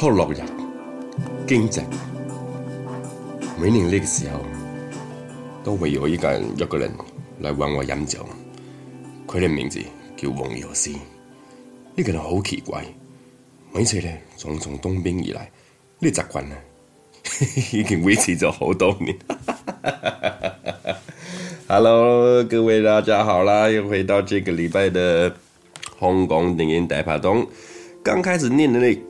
初六日，驚蟄。每年呢個時候，都會有一個人，一個人嚟揾我飲酒。佢嘅名字叫黃藥師。呢、這個人好奇怪，每次咧從從東邊而來，這個、習慣呢習慣啊， 已經維持咗好多年。 Hello，各位大家好啦，又回到這個禮拜的香港電影大趴中。剛開始念呢、那。個